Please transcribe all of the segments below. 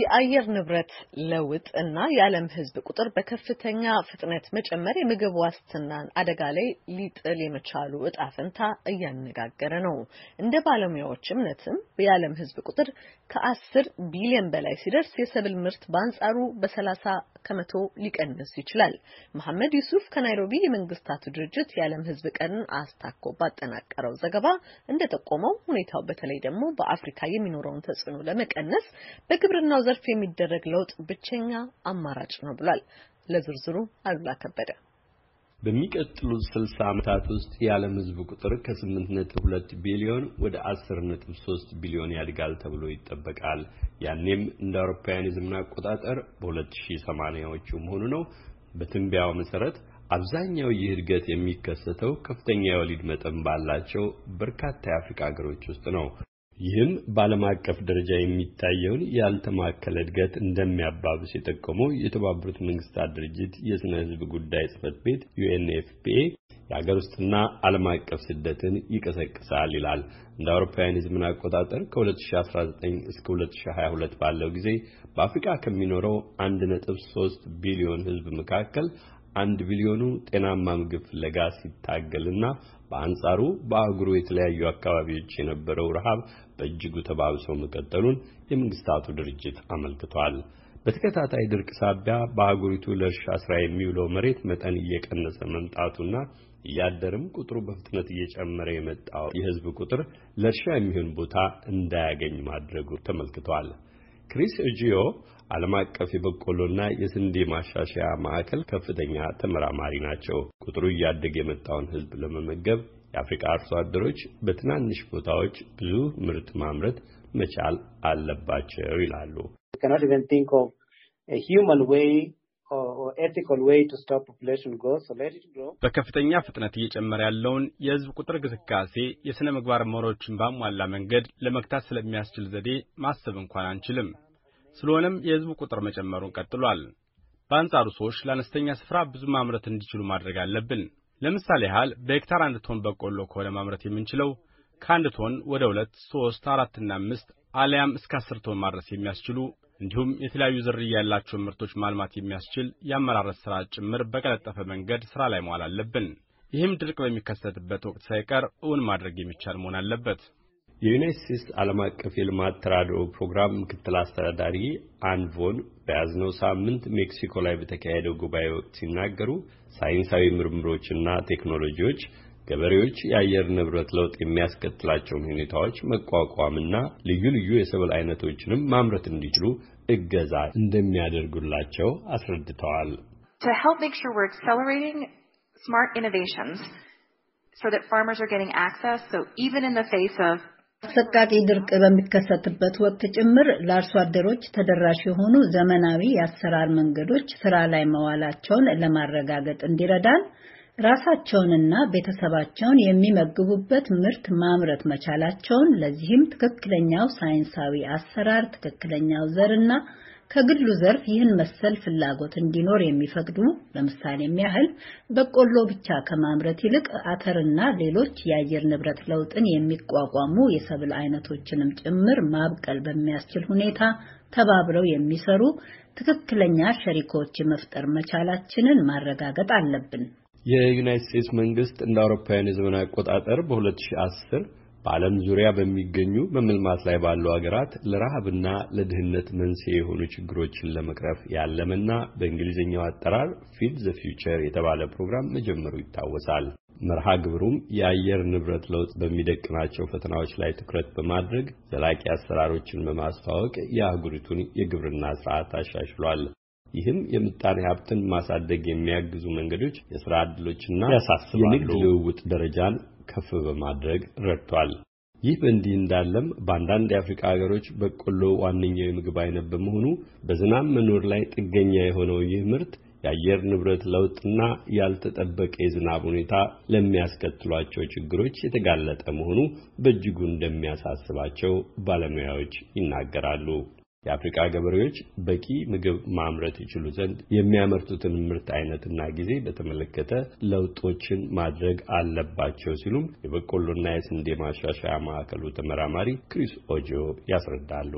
የአየር ንብረት ለውጥ እና የዓለም ሕዝብ ቁጥር በከፍተኛ ፍጥነት መጨመር የምግብ ዋስትናን አደጋ ላይ ሊጥል የመቻሉ እጣ ፈንታ እያነጋገረ ነው። እንደ ባለሙያዎች እምነትም የዓለም ሕዝብ ቁጥር ከአስር ቢሊዮን በላይ ሲደርስ የሰብል ምርት በአንጻሩ በሰላሳ ከመቶ ሊቀንስ ይችላል። መሐመድ ዩሱፍ ከናይሮቢ የመንግስታቱ ድርጅት የዓለም ሕዝብ ቀንን አስታኮ ባጠናቀረው ዘገባ እንደጠቆመው ሁኔታው በተለይ ደግሞ በአፍሪካ የሚኖረውን ተጽዕኖ ለመቀነስ በግብርናው ዘርፍ የሚደረግ ለውጥ ብቸኛ አማራጭ ነው ብሏል። ለዝርዝሩ አሉላ ከበደ በሚቀጥሉት 60 ዓመታት ውስጥ የዓለም ሕዝብ ቁጥር ከ8.2 ቢሊዮን ወደ 10.3 ቢሊዮን ያድጋል ተብሎ ይጠበቃል። ያኔም እንደ አውሮፓውያን የዘመን አቆጣጠር በ2080ዎቹ መሆኑ ነው። በትንበያው መሰረት አብዛኛው ይህ እድገት የሚከሰተው ከፍተኛ የወሊድ መጠን ባላቸው በርካታ የአፍሪካ ሀገሮች ውስጥ ነው። ይህም በዓለም አቀፍ ደረጃ የሚታየውን ያልተማከለ እድገት እንደሚያባብስ የጠቆመው የተባበሩት መንግስታት ድርጅት የስነ ህዝብ ጉዳይ ጽህፈት ቤት ዩኤንኤፍፒኤ የሀገር ውስጥና ዓለም አቀፍ ስደትን ይቀሰቅሳል ይላል። እንደ አውሮፓውያን የዘመን አቆጣጠር ከ2019 እስከ 2022 ባለው ጊዜ በአፍሪካ ከሚኖረው 1.3 ቢሊዮን ህዝብ መካከል አንድ ቢሊዮኑ ጤናማ ምግብ ፍለጋ ሲታገልና በአንጻሩ በአህጉሩ የተለያዩ አካባቢዎች የነበረው ረሃብ በእጅጉ ተባብሶ መቀጠሉን የመንግስታቱ ድርጅት አመልክቷል። በተከታታይ ድርቅ ሳቢያ በአህጉሪቱ ለእርሻ ስራ የሚውለው መሬት መጠን እየቀነሰ መምጣቱና እያደርም ቁጥሩ በፍጥነት እየጨመረ የመጣው የህዝብ ቁጥር ለእርሻ የሚሆን ቦታ እንዳያገኝ ማድረጉ ተመልክቷል። ክሪስ እጂዮ ዓለም አቀፍ የበቆሎና የስንዴ ማሻሻያ ማዕከል ከፍተኛ ተመራማሪ ናቸው። ቁጥሩ እያደገ የመጣውን ሕዝብ ለመመገብ የአፍሪካ አርሶ አደሮች በትናንሽ ቦታዎች ብዙ ምርት ማምረት መቻል አለባቸው ይላሉ። በከፍተኛ ፍጥነት እየጨመረ ያለውን የህዝብ ቁጥር ግስጋሴ የሥነ ምግባር መሮችን ባሟላ መንገድ ለመግታት ስለሚያስችል ዘዴ ማሰብ እንኳን አንችልም። ስለሆነም የህዝቡ ቁጥር መጨመሩን ቀጥሏል። በአንጻሩ ሰዎች ለአነስተኛ ስፍራ ብዙ ማምረት እንዲችሉ ማድረግ አለብን። ለምሳሌ ያህል በሄክታር አንድ ቶን በቆሎ ከሆነ ማምረት የምንችለው ከአንድ ቶን ወደ ሁለት ሶስት አራትና አምስት አሊያም እስከ አስር ቶን ማድረስ የሚያስችሉ እንዲሁም የተለያዩ ዝርያ ያላቸውን ምርቶች ማልማት የሚያስችል የአመራረት ሥራ ጭምር በቀለጠፈ መንገድ ሥራ ላይ መዋል አለብን። ይህም ድርቅ በሚከሰትበት ወቅት ሳይቀር እውን ማድረግ የሚቻል መሆን አለበት። የዩናይትድ ስቴትስ ዓለም አቀፍ የልማት ተራድኦ ፕሮግራም ምክትል አስተዳዳሪ አንቮን በያዝነው ሳምንት ሜክሲኮ ላይ በተካሄደው ጉባኤ ወቅት ሲናገሩ ሳይንሳዊ ምርምሮችና ቴክኖሎጂዎች ገበሬዎች የአየር ንብረት ለውጥ የሚያስከትላቸውን ሁኔታዎች መቋቋምና ልዩ ልዩ የሰብል አይነቶችንም ማምረት እንዲችሉ እገዛ እንደሚያደርጉላቸው አስረድተዋል። ስማርት ኢኖቬሽንስ so that farmers are getting access so even in the face of አሰቃቂ ድርቅ በሚከሰትበት ወቅት ጭምር ለአርሶ አደሮች ተደራሽ የሆኑ ዘመናዊ የአሰራር መንገዶች ስራ ላይ መዋላቸውን ለማረጋገጥ እንዲረዳን ራሳቸውንና ቤተሰባቸውን የሚመግቡበት ምርት ማምረት መቻላቸውን ለዚህም ትክክለኛው ሳይንሳዊ አሰራር፣ ትክክለኛው ዘርና ከግሉ ዘርፍ ይህን መሰል ፍላጎት እንዲኖር የሚፈቅዱ ለምሳሌም ያህል በቆሎ ብቻ ከማምረት ይልቅ አተርና ሌሎች የአየር ንብረት ለውጥን የሚቋቋሙ የሰብል አይነቶችንም ጭምር ማብቀል በሚያስችል ሁኔታ ተባብረው የሚሰሩ ትክክለኛ ሸሪኮች መፍጠር መቻላችንን ማረጋገጥ አለብን። የዩናይትድ ስቴትስ መንግስት እንደ አውሮፓውያን የዘመን አቆጣጠር በ2010 በዓለም ዙሪያ በሚገኙ መመልማት ላይ ባሉ ሀገራት ለረሃብና ለድህነት መንስኤ የሆኑ ችግሮችን ለመቅረፍ ያለመና በእንግሊዝኛው አጠራር ፊድ ዘ ፊውቸር የተባለ ፕሮግራም መጀመሩ ይታወሳል። መርሃ ግብሩም የአየር ንብረት ለውጥ በሚደቅናቸው ፈተናዎች ላይ ትኩረት በማድረግ ዘላቂ አሰራሮችን በማስተዋወቅ የአህጉሪቱን የግብርና ስርዓት አሻሽሏል። ይህም የምጣኔ ሀብትን ማሳደግ የሚያግዙ መንገዶች፣ የስራ ዕድሎችና የንግድ ልውውጥ ደረጃን ከፍ በማድረግ ረድቷል። ይህ በእንዲህ እንዳለም በአንዳንድ የአፍሪካ ሀገሮች በቆሎ ዋነኛው የምግብ አይነት በመሆኑ በዝናብ መኖር ላይ ጥገኛ የሆነው ይህ ምርት የአየር ንብረት ለውጥና ያልተጠበቀ የዝናብ ሁኔታ ለሚያስከትሏቸው ችግሮች የተጋለጠ መሆኑ በእጅጉ እንደሚያሳስባቸው ባለሙያዎች ይናገራሉ። የአፍሪካ ገበሬዎች በቂ ምግብ ማምረት ይችሉ ዘንድ የሚያመርቱትን ምርት አይነትና ጊዜ በተመለከተ ለውጦችን ማድረግ አለባቸው ሲሉም የበቆሎና የስንዴ ማሻሻያ ማዕከሉ ተመራማሪ ክሪስ ኦጆ ያስረዳሉ።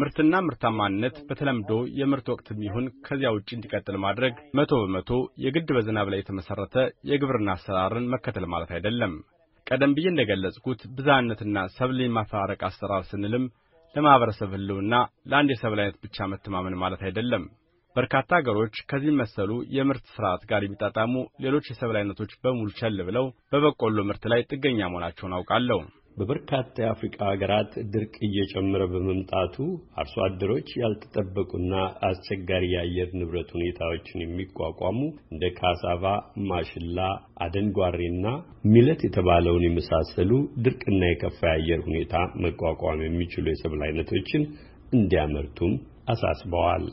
ምርትና ምርታማነት በተለምዶ የምርት ወቅት ይሁን ከዚያ ውጭ እንዲቀጥል ማድረግ መቶ በመቶ የግድ በዝናብ ላይ የተመሰረተ የግብርና አሰራርን መከተል ማለት አይደለም። ቀደም ብዬ እንደ ብዝሃነትና ሰብል የማፈራረቅ አሰራር ስንልም ለማኅበረሰብ ሕልውና ለአንድ የሰብል አይነት ብቻ መተማመን ማለት አይደለም። በርካታ አገሮች ከዚህ መሰሉ የምርት ስርዓት ጋር የሚጣጣሙ ሌሎች የሰብል ዓይነቶች በሙሉ ቸል ብለው በበቆሎ ምርት ላይ ጥገኛ መሆናቸውን አውቃለሁ። በበርካታ የአፍሪካ ሀገራት ድርቅ እየጨመረ በመምጣቱ አርሶ አደሮች ያልተጠበቁና አስቸጋሪ የአየር ንብረት ሁኔታዎችን የሚቋቋሙ እንደ ካሳቫ፣ ማሽላ፣ አደንጓሬና ሚለት የተባለውን የመሳሰሉ ድርቅና የከፋ የአየር ሁኔታ መቋቋም የሚችሉ የሰብል አይነቶችን እንዲያመርቱም አሳስበዋል።